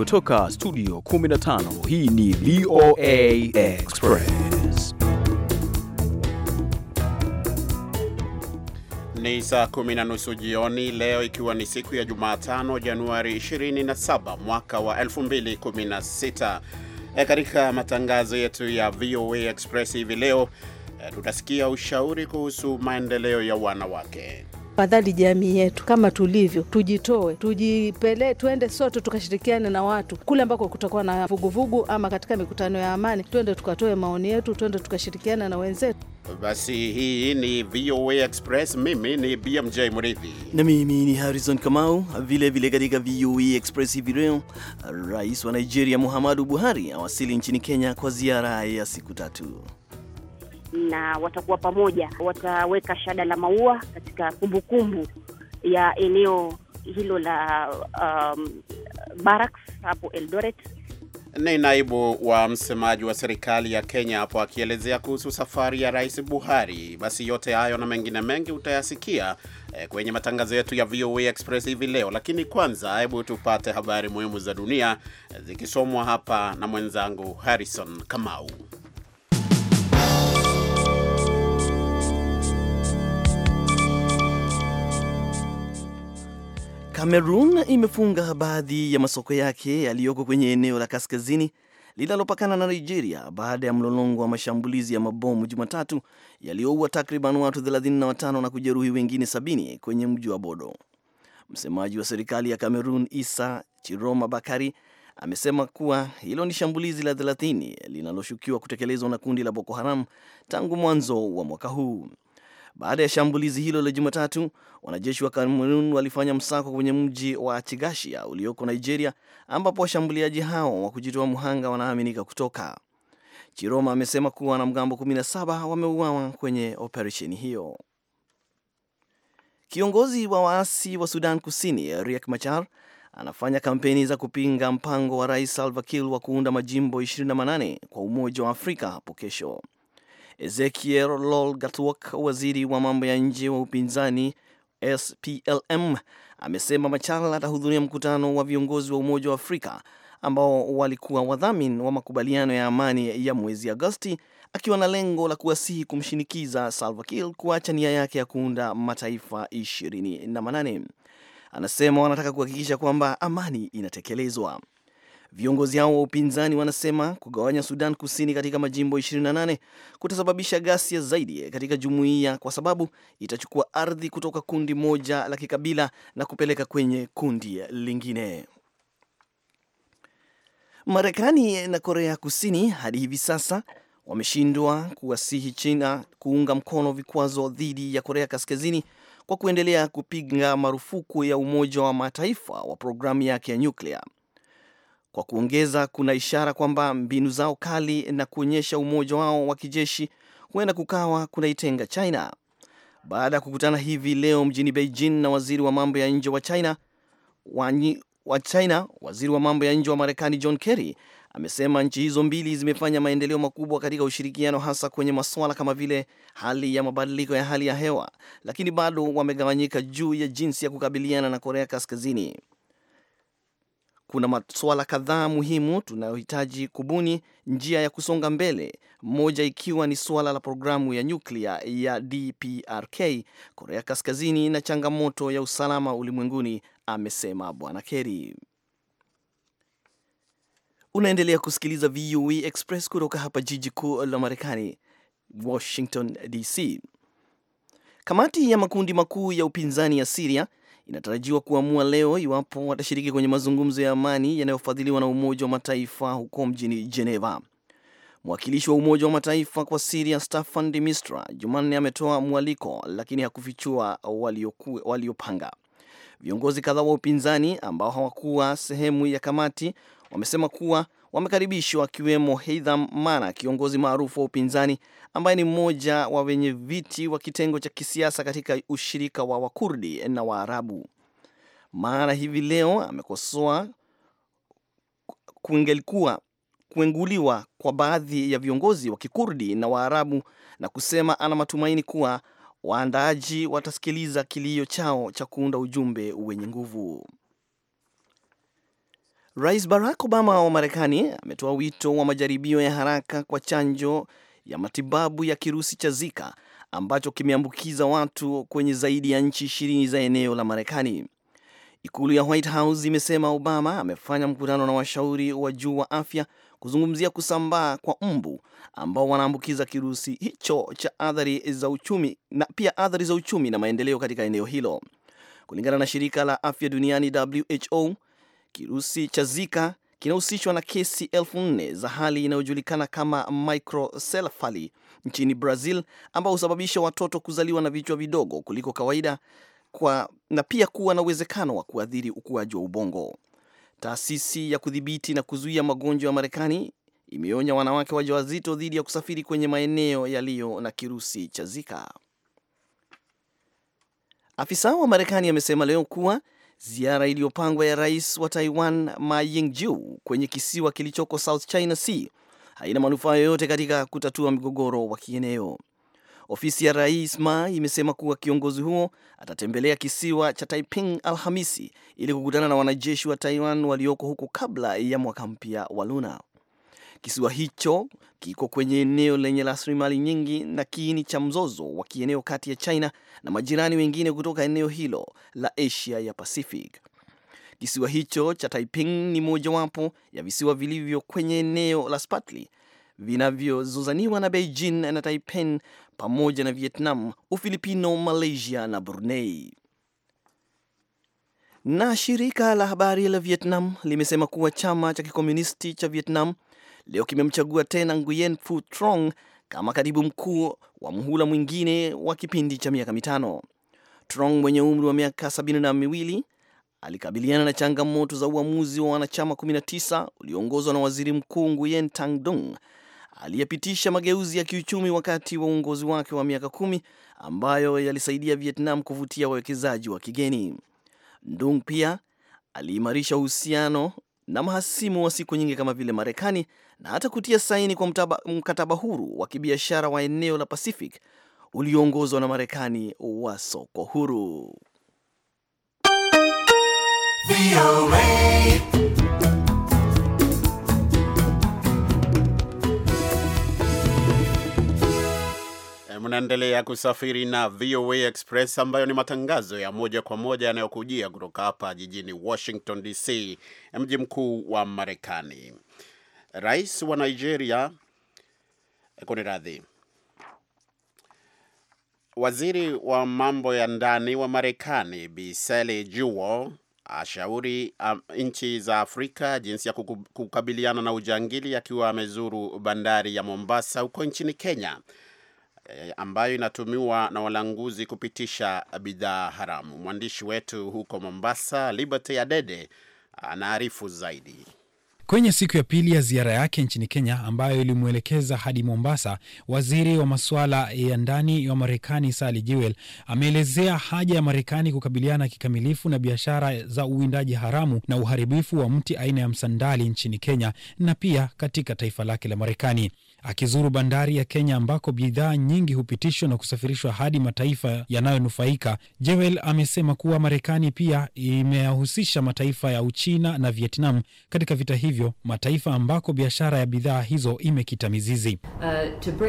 kutoka studio 15 hii ni VOA Express ni saa kumi na nusu jioni leo ikiwa ni siku ya Jumatano Januari 27 mwaka wa 2016 e katika matangazo yetu ya VOA Express hivi leo e, tutasikia ushauri kuhusu maendeleo ya wanawake tafadhali jamii yetu kama tulivyo, tujitoe, tujipele, tuende sote tukashirikiane na watu kule ambako kutakuwa na vuguvugu, ama katika mikutano ya amani, tuende tukatoe maoni yetu, tuende tukashirikiana na wenzetu. Basi hii ni VOA Express. Mimi ni BMJ mridhi na mimi ni Harrison Kamau. Vilevile katika VOA Express hivi leo, rais wa Nigeria Muhammadu Buhari awasili nchini Kenya kwa ziara ya siku tatu na watakuwa pamoja, wataweka shada la maua katika kumbukumbu ya eneo hilo la um, Barracks hapo Eldoret. Ni naibu wa msemaji wa serikali ya Kenya hapo akielezea kuhusu safari ya Rais Buhari. Basi yote hayo na mengine mengi utayasikia eh, kwenye matangazo yetu ya VOA Express hivi leo, lakini kwanza, hebu tupate habari muhimu za dunia eh, zikisomwa hapa na mwenzangu Harrison Kamau. Cameroon imefunga baadhi ya masoko yake yaliyoko kwenye eneo la kaskazini linalopakana na Nigeria baada ya mlolongo wa mashambulizi ya mabomu Jumatatu yaliyoua takriban watu 35 na kujeruhi wengine sabini kwenye mji wa Bodo. Msemaji wa serikali ya Cameroon Isa Chiroma Bakari amesema kuwa hilo ni shambulizi la 30 linaloshukiwa kutekelezwa na kundi la Boko Haram tangu mwanzo wa mwaka huu. Baada ya shambulizi hilo la Jumatatu, wanajeshi wa Cameroon walifanya msako kwenye mji wa Chigashia ulioko Nigeria, ambapo washambuliaji hao wa kujitoa mhanga wanaaminika kutoka. Chiroma amesema kuwa wanamgambo 17 wameuawa kwenye operesheni hiyo. Kiongozi wa waasi wa Sudan Kusini Riek Machar anafanya kampeni za kupinga mpango wa Rais Salva Kiir wa kuunda majimbo 28 kwa Umoja wa Afrika hapo kesho. Ezekiel Lol Gatwok, waziri wa mambo ya nje wa upinzani SPLM, amesema Machar atahudhuria mkutano wa viongozi wa Umoja wa Afrika ambao walikuwa wadhamini wa makubaliano ya amani ya mwezi Agosti, akiwa na lengo la kuwasihi kumshinikiza Salva Kiir kuacha nia yake ya kuunda mataifa 28. na manane. Anasema wanataka kuhakikisha kwamba amani inatekelezwa. Viongozi hao wa upinzani wanasema kugawanya Sudan Kusini katika majimbo 28 kutasababisha ghasia zaidi katika jumuiya kwa sababu itachukua ardhi kutoka kundi moja la kikabila na kupeleka kwenye kundi lingine. Marekani na Korea Kusini hadi hivi sasa wameshindwa kuwasihi China kuunga mkono vikwazo dhidi ya Korea Kaskazini kwa kuendelea kupinga marufuku ya Umoja wa Mataifa wa programu yake ya nyuklia. Kwa kuongeza, kuna ishara kwamba mbinu zao kali na kuonyesha umoja wao wa kijeshi huenda kukawa kunaitenga China. Baada ya kukutana hivi leo mjini Beijing na waziri wa mambo ya nje wa China wanyi, wa China, waziri wa mambo ya nje wa Marekani John Kerry amesema nchi hizo mbili zimefanya maendeleo makubwa katika ushirikiano, hasa kwenye masuala kama vile hali ya mabadiliko ya hali ya hewa, lakini bado wamegawanyika juu ya jinsi ya kukabiliana na Korea Kaskazini. Kuna masuala kadhaa muhimu tunayohitaji kubuni njia ya kusonga mbele, moja ikiwa ni suala la programu ya nyuklia ya DPRK Korea Kaskazini na changamoto ya usalama ulimwenguni, amesema Bwana Kerry. Unaendelea kusikiliza VOA e Express kutoka hapa jiji kuu la Marekani, Washington DC. Kamati ya makundi makuu ya upinzani ya Siria inatarajiwa kuamua leo iwapo watashiriki kwenye mazungumzo ya amani yanayofadhiliwa na Umoja wa Mataifa huko mjini Geneva. Mwakilishi wa Umoja wa Mataifa kwa Siria Staffan de Mistura Jumanne ametoa mwaliko lakini hakufichua waliopanga. Viongozi kadhaa wa upinzani ambao hawakuwa sehemu ya kamati wamesema kuwa wamekaribishwa, akiwemo Heitham Mana, kiongozi maarufu wa upinzani ambaye ni mmoja wa wenye viti wa kitengo cha kisiasa katika ushirika wa Wakurdi na Waarabu. Mana hivi leo amekosoa kuingelikuwa kuenguliwa kwa baadhi ya viongozi wa Kikurdi na Waarabu na kusema ana matumaini kuwa waandaaji watasikiliza kilio chao cha kuunda ujumbe wenye nguvu. Rais Barack Obama wa Marekani ametoa wito wa majaribio ya haraka kwa chanjo ya matibabu ya kirusi cha Zika ambacho kimeambukiza watu kwenye zaidi ya nchi ishirini za eneo la Marekani. Ikulu ya White House imesema Obama amefanya mkutano na washauri wa juu wa afya kuzungumzia kusambaa kwa mbu ambao wanaambukiza kirusi hicho cha athari za uchumi na pia athari za uchumi na maendeleo katika eneo hilo. Kulingana na shirika la afya duniani WHO, Kirusi cha Zika kinahusishwa na kesi elfu nne za hali inayojulikana kama microcephaly nchini Brazil, ambao husababisha watoto kuzaliwa na vichwa vidogo kuliko kawaida kwa, na pia kuwa na uwezekano wa kuathiri ukuaji wa ubongo. Taasisi ya kudhibiti na kuzuia magonjwa ya Marekani imeonya wanawake wajawazito dhidi ya kusafiri kwenye maeneo yaliyo na kirusi cha Zika. Afisa wa Marekani amesema leo kuwa Ziara iliyopangwa ya rais wa Taiwan Ma Ying-jeou kwenye kisiwa kilichoko South China Sea haina manufaa yoyote katika kutatua migogoro wa kieneo. Ofisi ya rais Ma imesema kuwa kiongozi huo atatembelea kisiwa cha Taiping Alhamisi ili kukutana na wanajeshi wa Taiwan walioko huko kabla ya mwaka mpya wa Luna. Kisiwa hicho kiko kwenye eneo lenye rasilimali nyingi na kiini cha mzozo wa kieneo kati ya China na majirani wengine kutoka eneo hilo la Asia ya Pacific. Kisiwa hicho cha Taiping ni mojawapo ya visiwa vilivyo kwenye eneo la Spratly vinavyozozaniwa na Beijing na Taipei pamoja na Vietnam, Ufilipino, Malaysia na Brunei. Na shirika la habari la Vietnam limesema kuwa chama cha kikomunisti cha Vietnam leo kimemchagua tena Nguyen Phu Trong kama katibu mkuu wa muhula mwingine wa kipindi cha miaka mitano. Trong mwenye umri wa miaka sabini na miwili alikabiliana na changamoto za uamuzi wa wanachama 19 ulioongozwa na waziri mkuu Nguyen Tang Dong aliyepitisha mageuzi ya kiuchumi wakati wa uongozi wake wa miaka kumi ambayo yalisaidia Vietnam kuvutia wawekezaji wa kigeni. Ndung pia aliimarisha uhusiano na mahasimu wa siku nyingi kama vile Marekani na hata kutia saini kwa mtaba, mkataba huru wa kibiashara wa eneo la Pacific ulioongozwa na Marekani wa soko huru. Eh, mnaendelea kusafiri na VOA Express ambayo ni matangazo ya moja kwa moja yanayokujia kutoka hapa jijini Washington DC, mji mkuu wa Marekani. Rais wa Nigeria eh, radhi waziri wa mambo ya ndani wa Marekani Biseli Juo ashauri um, nchi za Afrika jinsi ya kukabiliana na ujangili akiwa amezuru bandari ya Mombasa huko nchini Kenya eh, ambayo inatumiwa na walanguzi kupitisha bidhaa haramu. Mwandishi wetu huko Mombasa Liberty Adede anaarifu zaidi. Kwenye siku ya pili ya ziara yake nchini Kenya ambayo ilimwelekeza hadi Mombasa, waziri wa masuala ya ndani wa Marekani Sally Jewell ameelezea haja ya Marekani kukabiliana kikamilifu na biashara za uwindaji haramu na uharibifu wa mti aina ya msandali nchini Kenya na pia katika taifa lake la Marekani akizuru bandari ya Kenya ambako bidhaa nyingi hupitishwa na kusafirishwa hadi mataifa yanayonufaika. Jewel amesema kuwa Marekani pia imeyahusisha mataifa ya Uchina na Vietnam katika vita hivyo, mataifa ambako biashara ya bidhaa hizo imekita mizizi. Uh,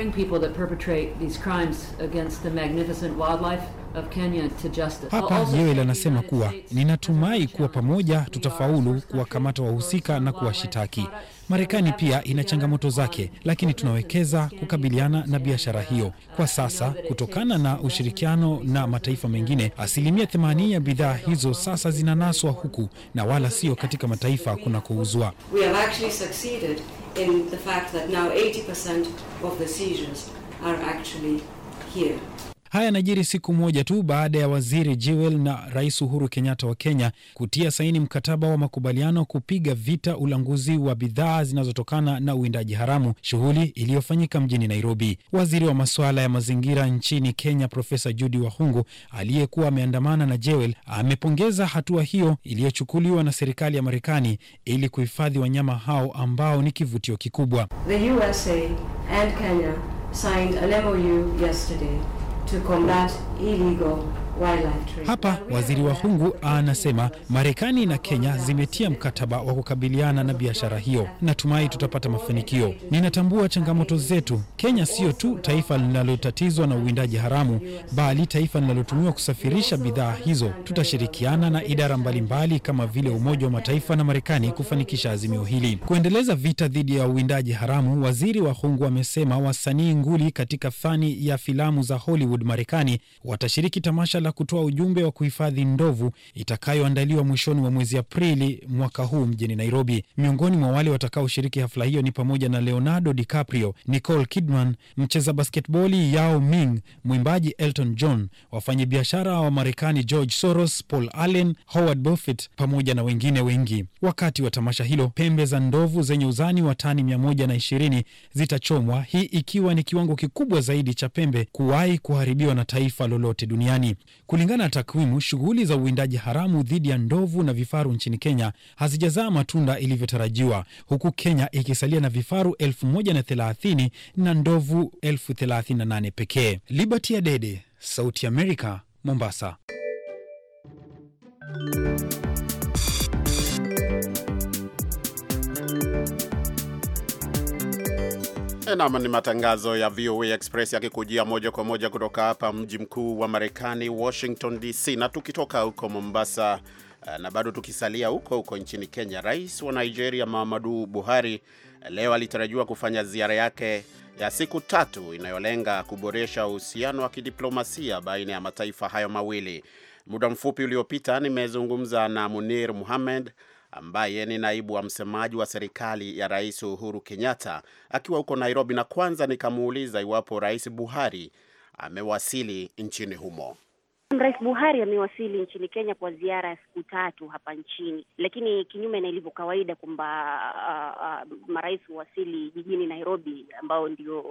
Hapa Jewel anasema kuwa ninatumai kuwa pamoja tutafaulu kuwakamata wahusika na kuwashitaki. Marekani pia ina changamoto zake, lakini tunawekeza kukabiliana na biashara hiyo. Kwa sasa, kutokana na ushirikiano na mataifa mengine, asilimia 80 ya bidhaa hizo sasa zinanaswa huku na wala sio katika mataifa kunakouzwa. Haya yanajiri siku moja tu baada ya waziri Jewel na Rais Uhuru Kenyatta wa Kenya kutia saini mkataba wa makubaliano kupiga vita ulanguzi wa bidhaa zinazotokana na uwindaji haramu, shughuli iliyofanyika mjini Nairobi. Waziri wa masuala ya mazingira nchini Kenya Profesa Judy Wahungu aliyekuwa ameandamana na Jewel amepongeza hatua hiyo iliyochukuliwa na serikali ya Marekani ili kuhifadhi wanyama hao ambao ni kivutio kikubwa. The USA and Kenya signed MOU yesterday. to combat illegal Hapa waziri wa Hungu anasema Marekani na Kenya zimetia mkataba wa kukabiliana na biashara hiyo. Natumai tutapata mafanikio. Ninatambua changamoto zetu. Kenya sio tu taifa linalotatizwa na uwindaji haramu, bali taifa linalotumiwa kusafirisha bidhaa hizo. Tutashirikiana na idara mbalimbali mbali kama vile Umoja wa Mataifa na Marekani kufanikisha azimio hili, kuendeleza vita dhidi ya uwindaji haramu. Waziri wa Hungu amesema wasanii nguli katika fani ya filamu za Hollywood Marekani watashiriki tamasha la na kutoa ujumbe wa kuhifadhi ndovu itakayoandaliwa mwishoni mwa mwezi Aprili mwaka huu mjini Nairobi. Miongoni mwa wale watakaoshiriki hafla hiyo ni pamoja na Leonardo DiCaprio, Nicole Kidman, mcheza basketboli Yao Ming, mwimbaji Elton John, wafanyabiashara wa Marekani George Soros, Paul Allen, Howard Buffett pamoja na wengine wengi. Wakati wa tamasha hilo, pembe za ndovu zenye uzani wa tani mia moja na ishirini zitachomwa, hii ikiwa ni kiwango kikubwa zaidi cha pembe kuwahi kuharibiwa na taifa lolote duniani. Kulingana na takwimu, shughuli za uwindaji haramu dhidi ya ndovu na vifaru nchini Kenya hazijazaa matunda ilivyotarajiwa, huku Kenya ikisalia na vifaru elfu moja na thelathini na ndovu elfu thelathini na nane pekee. Liberty Adede, Sauti ya Amerika, Mombasa. Nam ni matangazo ya VOA Express yakikujia moja kwa moja kutoka hapa mji mkuu wa Marekani, Washington DC. Na tukitoka huko Mombasa eh, na bado tukisalia huko huko nchini Kenya, rais wa Nigeria Muhammadu Buhari eh, leo alitarajiwa kufanya ziara yake ya siku tatu inayolenga kuboresha uhusiano wa kidiplomasia baina ya mataifa hayo mawili. Muda mfupi uliopita nimezungumza na Munir Muhammad ambaye ni naibu wa msemaji wa serikali ya Rais Uhuru Kenyatta akiwa huko Nairobi, na kwanza nikamuuliza iwapo Rais Buhari amewasili nchini humo. Rais Buhari amewasili nchini Kenya kwa ziara ya siku tatu hapa nchini, lakini kinyume na ilivyo kawaida kwamba uh, uh, marais huwasili jijini Nairobi ambao ndio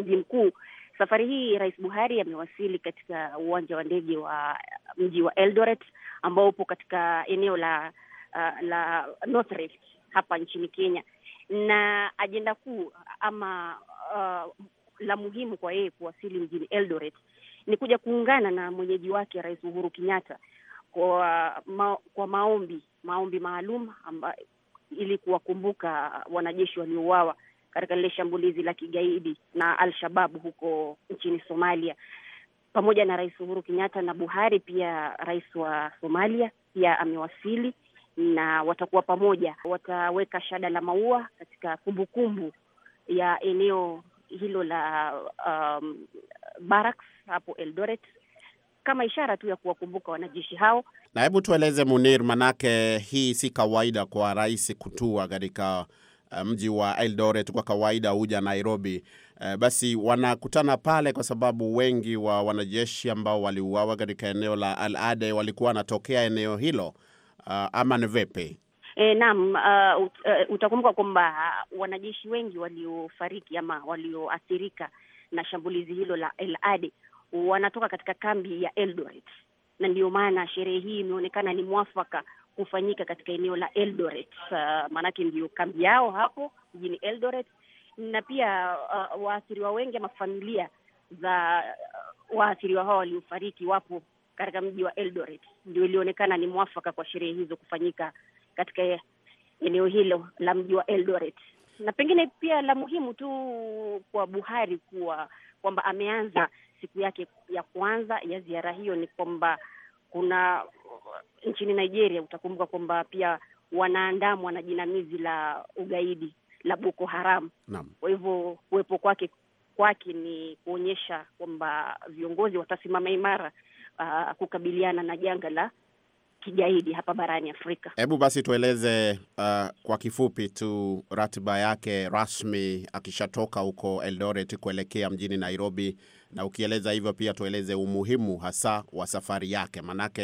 mji mkuu, safari hii Rais Buhari amewasili katika uwanja wa ndege wa mji wa Eldoret ambao upo katika eneo la uh, la North Rift hapa nchini Kenya, na ajenda kuu ama uh, la muhimu kwa yeye kuwasili mjini Eldoret ni kuja kuungana na mwenyeji wake Rais Uhuru Kenyatta kwa, ma, kwa maombi maombi maalum ili kuwakumbuka wanajeshi waliouawa katika lile shambulizi la kigaidi na Al-Shabaab huko nchini Somalia. Pamoja na Rais Uhuru Kenyatta na Buhari, pia rais wa Somalia pia amewasili na watakuwa pamoja, wataweka shada la maua katika kumbukumbu -kumbu ya eneo hilo la um, barracks hapo Eldoret kama ishara tu ya kuwakumbuka wanajeshi hao. Na hebu tueleze Munir, manake hii si kawaida kwa rais kutua katika eh, mji wa Eldoret. Kwa kawaida huja Nairobi. E, basi wanakutana pale kwa sababu wengi wa wanajeshi ambao waliuawa katika eneo la Al Ade walikuwa wanatokea eneo hilo uh, ama ni vipi? E, naam. Uh, ut, uh, utakumbuka kwamba wanajeshi wengi waliofariki ama walioathirika na shambulizi hilo la El Ade wanatoka katika kambi ya Eldoret, na ndio maana sherehe hii imeonekana ni mwafaka kufanyika katika eneo la Eldoret. Uh, maanake ndio kambi yao hapo mjini Eldoret, na pia uh, waathiriwa wengi ama familia za uh, waathiriwa hao waliofariki wapo katika mji wa Eldoret, ndio ilionekana ni mwafaka kwa sherehe hizo kufanyika katika eneo hilo la mji wa Eldoret. Na pengine pia la muhimu tu kwa Buhari kuwa kwamba ameanza siku yake ya kwanza ya ziara hiyo ni kwamba kuna nchini Nigeria, utakumbuka kwamba pia wanaandamwa na jinamizi la ugaidi la Boko Haram. Naam. Kwa hivyo kuwepo kwake kwake ni kuonyesha kwamba viongozi watasimama imara uh, kukabiliana na janga la kigaidi hapa barani Afrika. Hebu basi tueleze uh, kwa kifupi tu ratiba yake rasmi akishatoka huko Eldoret kuelekea mjini Nairobi, na ukieleza hivyo pia tueleze umuhimu hasa wa safari yake, manake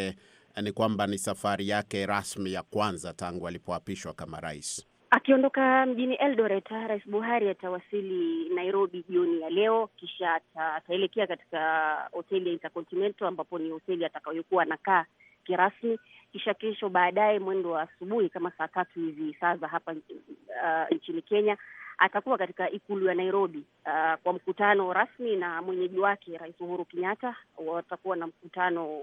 eh, ni kwamba ni safari yake rasmi ya kwanza tangu alipoapishwa kama rais. Akiondoka mjini Eldoret, Rais Buhari atawasili Nairobi jioni ya leo, kisha ataelekea katika hoteli ya Intercontinental ambapo ni hoteli atakayokuwa anakaa kirasmi, kisha kesho baadaye mwendo wa asubuhi kama saa tatu hivi saa za hapa uh, nchini Kenya atakuwa katika ikulu ya Nairobi uh, kwa mkutano rasmi na mwenyeji wake Rais Uhuru Kenyatta. Watakuwa na mkutano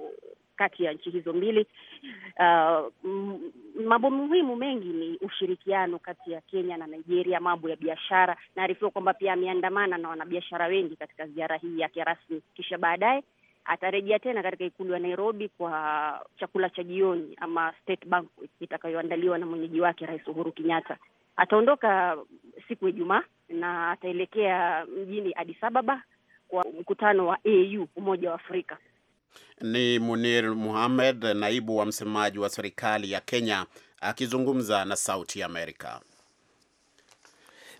kati ya nchi hizo mbili uh, mambo muhimu mengi ni ushirikiano kati ya Kenya na Nigeria, mambo ya biashara. Naarifiwa kwamba pia ameandamana na wanabiashara wengi katika ziara hii yake rasmi, kisha baadaye atarejea tena katika ikulu ya Nairobi kwa chakula cha jioni ama state banquet itakayoandaliwa na mwenyeji wake Rais Uhuru Kenyatta. Ataondoka siku ya Ijumaa na ataelekea mjini Addis Ababa kwa mkutano wa AU, Umoja wa Afrika. Ni Munir Muhamed, naibu wa msemaji wa serikali ya Kenya akizungumza na Sauti ya Amerika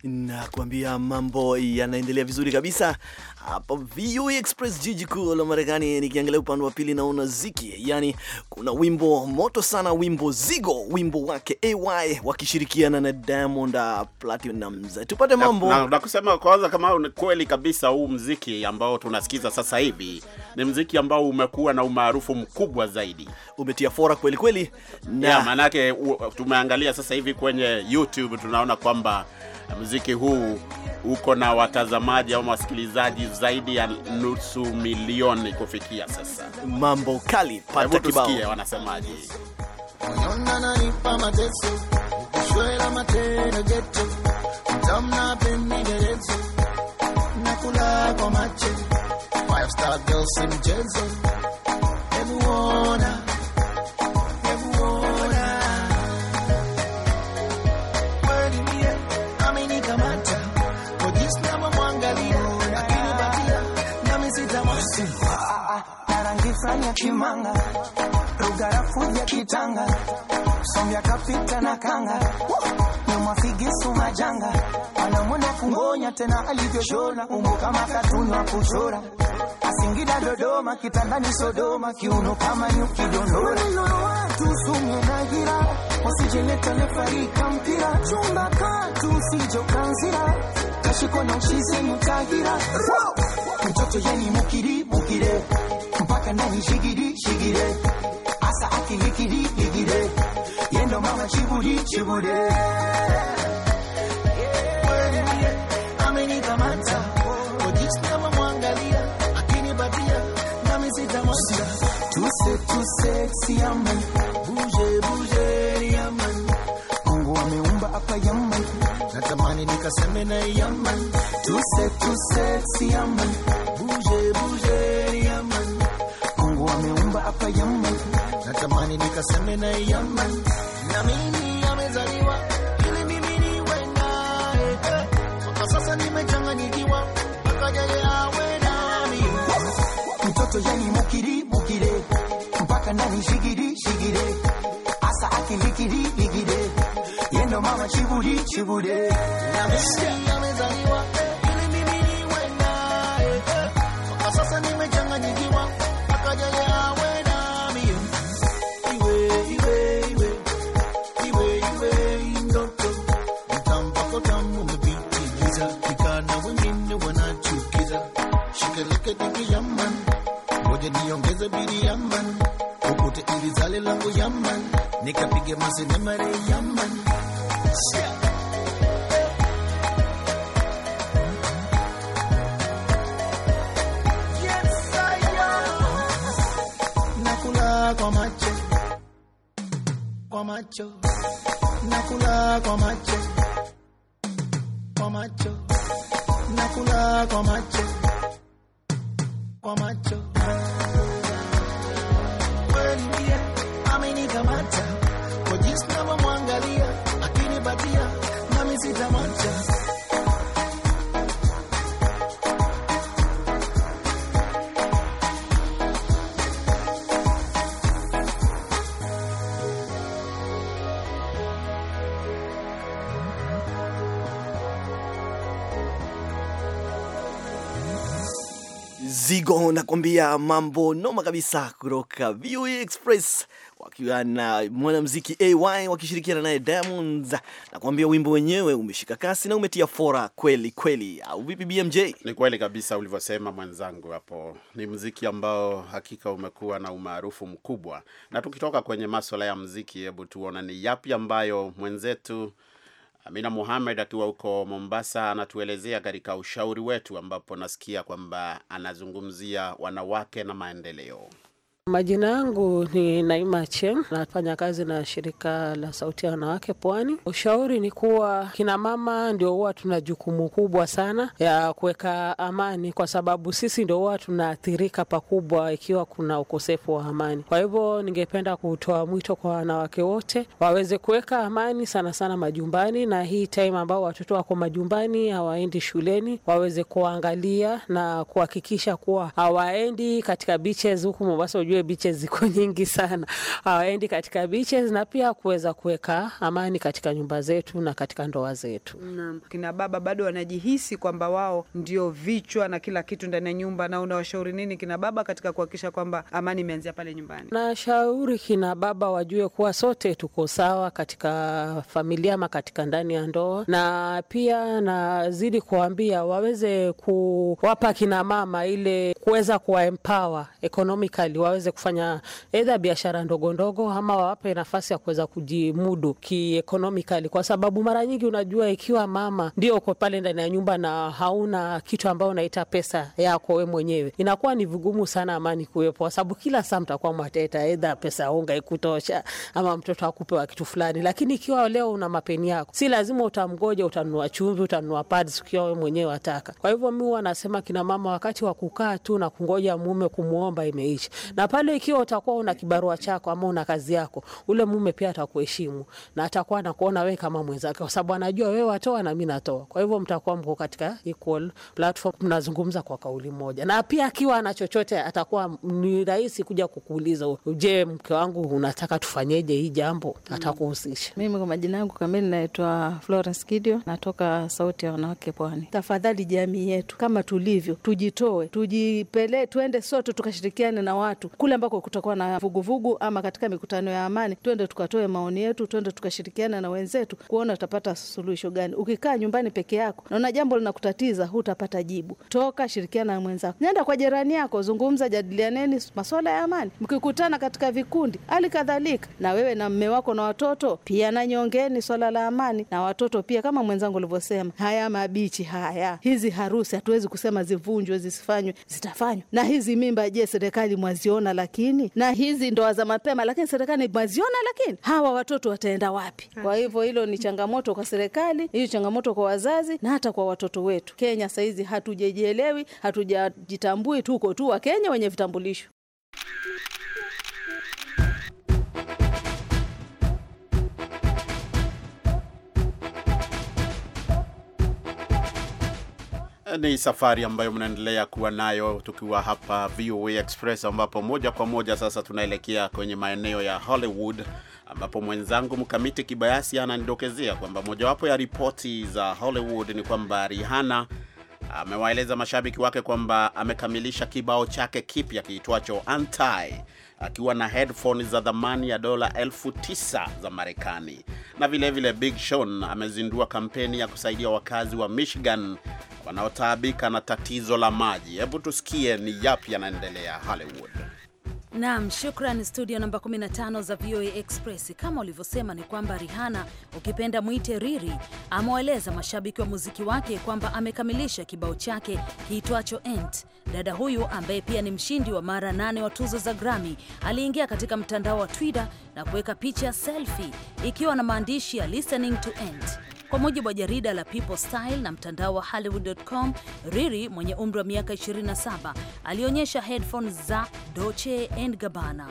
na kuambia mambo yanaendelea vizuri kabisa hapa VU Express, jiji kuu la Marekani. Nikiangalia upande wa pili, naona ziki, yani kuna wimbo moto sana, wimbo zigo, wimbo wake AY wakishirikiana na Diamond ah, Platinumz. Tupate mambo na, na, na kusema kwanza, kama ni kweli kabisa, huu mziki ambao tunasikiza sasa hivi ni mziki ambao umekuwa na umaarufu mkubwa zaidi, umetia fora kweli kweli na yeah, maanake tumeangalia sasa hivi kwenye YouTube tunaona kwamba muziki huu uko na watazamaji au wasikilizaji zaidi ya nusu milioni kufikia sasa. Mambo kali, pata kibao, wanasemaje. five star girls in mchezo, hebu ona kusanya kimanga rugarafuja kitanga sombya kapita na kanga nyumafigisu majanga anamwena kungonya tena alivyoshona umbo kama katunywa kuchora asingida Dodoma kitandani Sodoma kiuno kama nyuki dondora tusumyenagira wasijeletanefariika mpira chumba katusijokanzira kashikwa na ushizi mtagira mtoto yani mukiri mukire mpaka nahi shigiri shigire asa akihikiri higire yendo mama chiburi chibure amenikamata ojichitama mwangalia akinipatia nami sitamwacha nani nikaseme na yaman tuse tuse si yaman buje buje yaman Mungu ameumba hapa yaman natamani nikaseme na yaman na mimi amezaliwa ili mimi niwe naye eh, eh. Sasa nimechanganyikiwa akaja awe nami mtoto yani mukiri mukire mpaka nani shigiri shigire mama chibuhi chibude amezaliwa ili mimi niwe naye mpaka sasa nimechanganyikiwa akajaye awe nami iwe iwe iwe iwe iwe ndoto mtampako tamu umepitiliza vijana wengine wanachukiza shikeleke dimi yaman ngoja niongeze bili yaman ukute ili zale langu yaman nikapige masinema re yaman kwa macho, nakula kwa macho, kwa macho, nakula kwa macho, kwa macho. Wengie amenikamata kwa jinsi navyomwangalia, akinipatia nami sitamwacha na nakwambia mambo noma kabisa kutoka VOA Express wakiwa na mwanamuziki AY wakishirikiana naye Diamonds. Nakwambia wimbo wenyewe umeshika kasi na umetia fora kweli kweli, au vipi BMJ? Ni kweli kabisa ulivyosema mwenzangu hapo, ni mziki ambao hakika umekuwa na umaarufu mkubwa. Na tukitoka kwenye maswala ya mziki hebu tuona ni yapi ambayo mwenzetu Amina muhamed akiwa huko Mombasa anatuelezea katika ushauri wetu, ambapo nasikia kwamba anazungumzia wanawake na maendeleo. Majina yangu ni Naima Chen, nafanya kazi na shirika la Sauti ya Wanawake Pwani. Ushauri ni kuwa kina mama ndio huwa tuna jukumu kubwa sana ya kuweka amani, kwa sababu sisi ndio huwa tunaathirika pakubwa ikiwa kuna ukosefu wa amani. Kwa hivyo, ningependa kutoa mwito kwa wanawake wote waweze kuweka amani sana sana majumbani, na hii time ambao watoto wako majumbani hawaendi shuleni, waweze kuangalia na kuhakikisha kuwa hawaendi katika beaches huku Mombasa. Ujue zile beaches ziko nyingi sana, hawaendi katika biche na pia kuweza kuweka amani katika nyumba zetu na katika ndoa zetu. kina baba bado wanajihisi kwamba wao ndio vichwa na kila kitu ndani ya nyumba. Na unawashauri nini kina baba katika kuhakikisha kwamba amani imeanzia pale nyumbani? Nashauri kina baba wajue kuwa sote tuko sawa katika familia ama katika ndani ya ndoa, na pia nazidi kuwambia waweze kuwapa kina mama ile kuweza kuwaempower economically waweze waweze kufanya edha biashara ndogo ndogo, ama wawape nafasi ya kuweza kujimudu kiekonomikali, kwa sababu mara nyingi unajua, ikiwa mama ndio uko pale ndani ya nyumba na hauna kitu ambayo unaita pesa yako we mwenyewe, inakuwa ni vigumu sana amani kuwepo, kwa sababu kila saa mtakuwa mwateta edha pesa unga ikutosha, ama mtoto akupewa kitu fulani. Lakini ikiwa leo una mapeni yako, si lazima utamgoja, utanunua chumvi, utanunua pads ukiwa we mwenyewe wataka. Kwa hivyo mi huwa wanasema kinamama, wakati wa kukaa tu na kungoja mume kumwomba imeisha na pale ikiwa utakuwa una kibarua chako ama una kazi yako, ule mume pia atakuheshimu na atakuwa anakuona wewe kama mwenzake, kwa sababu anajua wewe watoa na mimi natoa. Kwa hivyo mtakuwa mko katika equal platform, mnazungumza kwa kauli moja, na pia akiwa ana chochote atakuwa ni rahisi kuja kukuuliza, je, mke wangu unataka tufanyeje hii jambo? Mm. Atakuhusisha. Mimi kwa majina yangu kamili naitwa Florence Kidio, natoka Sauti ya Wanawake Pwani. Tafadhali jamii yetu kama tulivyo, tujitoe, tujipele, tuende sote tukashirikiane na watu kule ambako kutakuwa na vuguvugu ama katika mikutano ya amani, twende tukatoe maoni yetu, twende tukashirikiana na wenzetu kuona utapata suluhisho gani. Ukikaa nyumbani peke yako, naona jambo linakutatiza, hutapata jibu. Toka, shirikiana na mwenzako, nenda kwa jirani yako, zungumza, jadilianeni masuala ya amani. Mkikutana katika vikundi, hali kadhalika na wewe na mme wako na watoto pia, nanyongeni swala la amani na watoto pia, kama mwenzangu ulivyosema, haya mabichi haya, hizi harusi hatuwezi kusema zivunjwe, zisifanywe, zitafanywa. Na hizi mimba, je, serikali mwaziona? sana lakini na hizi ndoa za mapema, lakini serikali maziona lakini hawa watoto wataenda wapi? Kwa hivyo hilo ni changamoto kwa serikali, hiyo changamoto kwa wazazi na hata kwa watoto wetu. Kenya sahizi hatujajielewi, hatujajitambui, tuko tu Wakenya wenye vitambulisho. ni safari ambayo mnaendelea kuwa nayo tukiwa hapa VOA Express, ambapo moja kwa moja sasa tunaelekea kwenye maeneo ya Hollywood, ambapo mwenzangu Mkamiti Kibayasi ananidokezea kwamba mojawapo ya ripoti za Hollywood ni kwamba Rihanna amewaeleza mashabiki wake kwamba amekamilisha kibao chake kipya kiitwacho Anti akiwa na headphone za thamani ya dola elfu tisa za Marekani. Na vilevile vile Big Sean amezindua kampeni ya kusaidia wakazi wa Michigan wanaotaabika na tatizo la maji. Hebu tusikie ni yapi yanaendelea Hollywood. Naam, shukran studio namba 15 za VOA Express. Kama ulivyosema ni kwamba Rihanna, ukipenda mwite Riri, amewaeleza mashabiki wa muziki wake kwamba amekamilisha kibao chake kiitwacho Ent. Dada huyu ambaye pia ni mshindi wa mara nane wa tuzo za Grammy aliingia katika mtandao wa Twitter na kuweka picha selfie ikiwa na maandishi ya listening to Ent. Kwa mujibu wa jarida la People Style na mtandao wa Hollywood.com, Riri mwenye umri wa miaka 27 alionyesha headphones za Dolce and Gabbana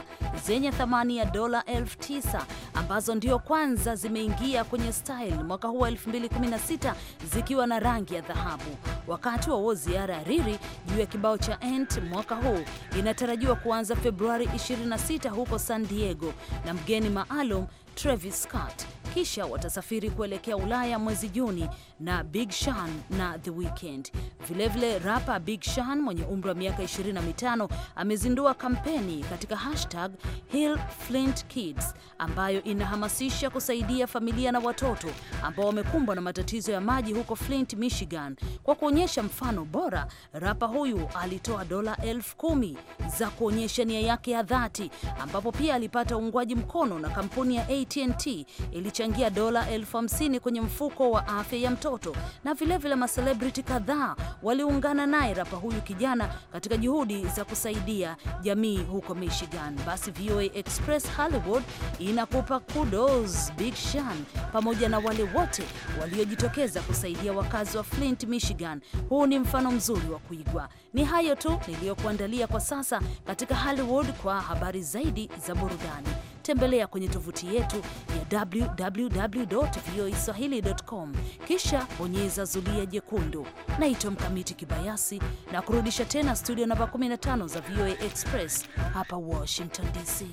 zenye thamani ya dola elfu tisa ambazo ndio kwanza zimeingia kwenye Style mwaka huu wa 2016 zikiwa na rangi ya dhahabu. Wakati wa ziara ya Riri juu ya kibao cha Ant mwaka huu inatarajiwa kuanza Februari 26 huko San Diego na mgeni maalum Travis Scott kisha watasafiri kuelekea Ulaya mwezi Juni na Big Sean na The Weeknd. Vilevile rapa Big Sean mwenye umri wa miaka 25 amezindua kampeni katika hashtag Heal Flint Kids ambayo inahamasisha kusaidia familia na watoto ambao wamekumbwa na matatizo ya maji huko Flint, Michigan. Kwa kuonyesha mfano bora, rapa huyu alitoa dola elfu kumi za kuonyesha nia yake ya dhati, ambapo pia alipata uungwaji mkono na kampuni ya AT&T ilichangia dola elfu hamsini kwenye mfuko wa afya ya mtoto watoto na vilevile maselebriti kadhaa waliungana naye rapa huyu kijana katika juhudi za kusaidia jamii huko Michigan. Basi VOA Express Hollywood inakupa kudos Big Sean pamoja na wale wote waliojitokeza kusaidia wakazi wa Flint, Michigan. Huu ni mfano mzuri wa kuigwa. Ni hayo tu niliyokuandalia kwa sasa katika Hollywood. Kwa habari zaidi za burudani tembelea kwenye tovuti yetu ya www.voaswahili.com, kisha bonyeza zulia jekundu. Naitwa Mkamiti Kibayasi na kurudisha tena studio namba 15 za VOA Express hapa Washington DC.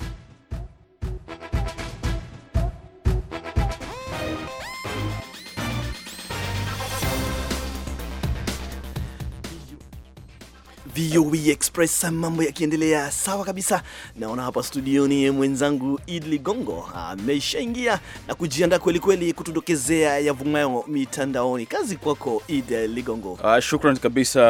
VOE Express, mambo yakiendelea sawa kabisa. Naona hapa studioni mwenzangu Idli Ligongo ameshaingia na kujiandaa kweli kweli kutudokezea yavumayo mitandaoni. Kazi kwako Id Ligongo. Uh, shukran kabisa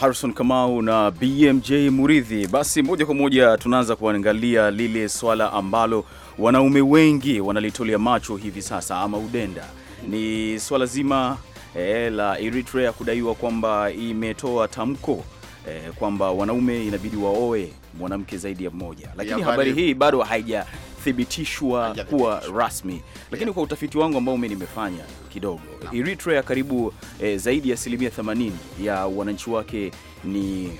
Harrison Kamau na BMJ Muridhi. Basi moja kwa moja tunaanza kuangalia lile swala ambalo wanaume wengi wanalitolea macho hivi sasa, ama udenda, ni swala zima eh, la Eritrea kudaiwa kwamba imetoa tamko eh, kwamba wanaume inabidi waoe mwanamke zaidi ya mmoja, lakini yeah, habari hii bado haijathibitishwa kuwa rasmi, lakini yeah, kwa utafiti wangu ambao mimi nimefanya kidogo no. Eritrea karibu eh, zaidi ya asilimia 80 ya wananchi wake ni,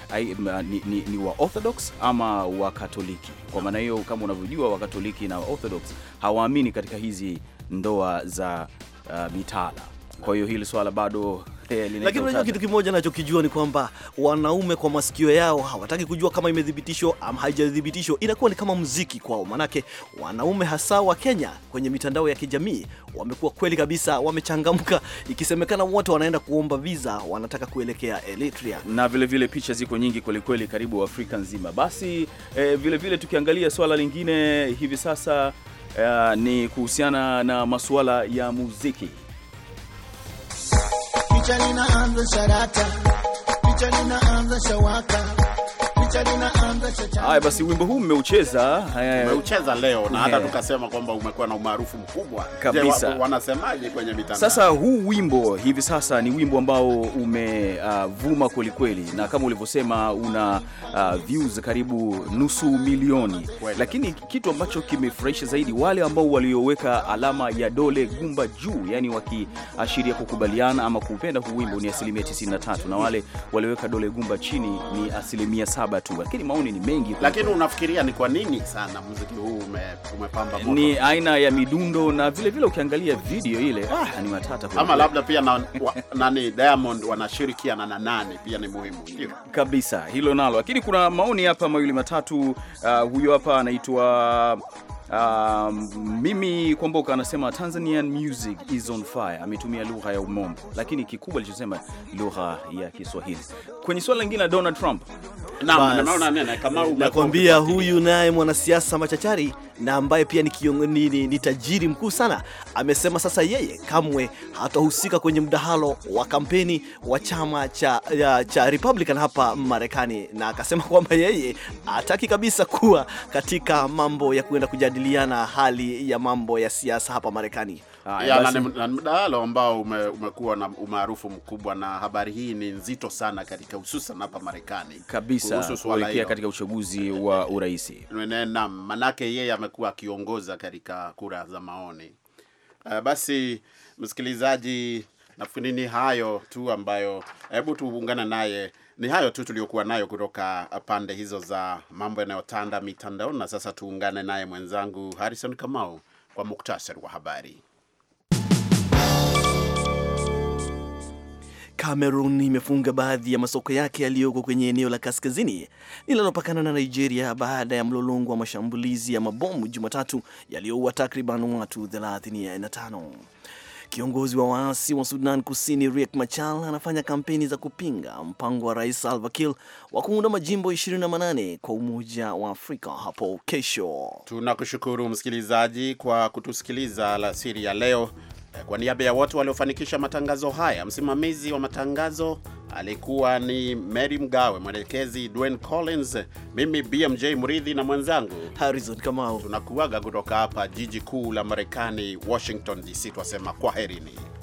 ni, ni, ni wa Orthodox ama wa Katoliki. Kwa maana hiyo, kama unavyojua, wa Katoliki na Orthodox hawaamini katika hizi ndoa za uh, mitala. Kwa hiyo hili swala bado Eh, Lakini unajua kitu kimoja nachokijua ni kwamba wanaume kwa masikio yao hawataki kujua kama imethibitishwa ama haijathibitishwa, inakuwa ni kama mziki kwao. Manake wanaume hasa wa Kenya kwenye mitandao ya kijamii wamekuwa kweli kabisa wamechangamka, ikisemekana wote wanaenda kuomba visa, wanataka kuelekea Eritrea na vilevile vile picha ziko nyingi kwelikweli, karibu Afrika nzima. Basi vilevile eh, vile tukiangalia swala lingine hivi sasa Uh, ni kuhusiana na masuala ya muziki Picha linaanza sharata, picha linaanza shawaka Haya basi, wimbo huu mmeucheza, eh, umeucheza leo na hata eh. tukasema kwamba umekuwa na umaarufu mkubwa kabisa. Wanasemaje kwenye mitandao? Sasa huu wimbo hivi sasa ni wimbo ambao umevuma ah, uh, kweli kweli, na kama ulivyosema una uh, views karibu nusu milioni, lakini kitu ambacho kimefurahisha zaidi wale ambao walioweka alama ya dole gumba juu, yani wakiashiria kukubaliana ama kupenda huu wimbo ni asilimia 93 na wale walioweka dole gumba chini ni asilimia saba kuimba tu, lakini maoni ni mengi. Lakini unafikiria ni kwa nini sana muziki huu ume, umepamba moto? Ni aina ya midundo na vile vile ukiangalia video ile, ah, ni matata ama labda pia na, wa, nani Diamond wanashirikiana na nani pia ni muhimu ndio kabisa hilo nalo, lakini kuna maoni hapa mawili matatu. Uh, huyo hapa anaitwa Uh, mimi Kwamboka anasema Tanzanian music is on fire. Ametumia lugha ya umombo, lakini kikubwa alichosema lugha ya Kiswahili. Kwenye swala lingine la Donald Trump Eh, nakwambia huyu naye mwanasiasa machachari na ambaye pia ni, ni, ni, ni tajiri mkuu sana, amesema sasa yeye kamwe hatahusika kwenye mdahalo wa kampeni wa chama cha, ya, cha Republican hapa Marekani, na akasema kwamba yeye hataki kabisa kuwa katika mambo ya kuenda kujadiliana hali ya mambo ya siasa hapa Marekani. Haya, na mdahalo ambao ume, umekuwa na umaarufu mkubwa, na habari hii ni nzito sana katika hususan hapa Marekani kabisa kuelekea katika uchaguzi wa urais. Naam, manake yeye amekuwa akiongoza katika kura za maoni. Uh, basi msikilizaji, nafikiri ni hayo tu ambayo, hebu tuungane naye ni hayo tu tuliokuwa nayo kutoka pande hizo za mambo yanayotanda mitandaoni, na sasa tuungane naye mwenzangu Harrison Kamau kwa muktasari wa habari. Cameroon imefunga baadhi ya masoko yake yaliyoko kwenye eneo la kaskazini linalopakana na Nigeria baada ya mlolongo wa mashambulizi ya mabomu Jumatatu yaliyoua takriban watu 35. Kiongozi wa waasi wa Sudan Kusini Riek Machar anafanya kampeni za kupinga mpango wa Rais Salva Kiir wa kuunda majimbo 28 kwa Umoja wa Afrika hapo kesho. Tunakushukuru msikilizaji kwa kutusikiliza alasiri ya leo. Kwa niaba ya wote waliofanikisha matangazo haya, msimamizi wa matangazo alikuwa ni Mary Mgawe, mwelekezi Dwayne Collins, mimi BMJ Mridhi na mwenzangu Harrison Kamau tunakuaga kutoka hapa jiji kuu la Marekani, Washington DC. Twasema kwaherini.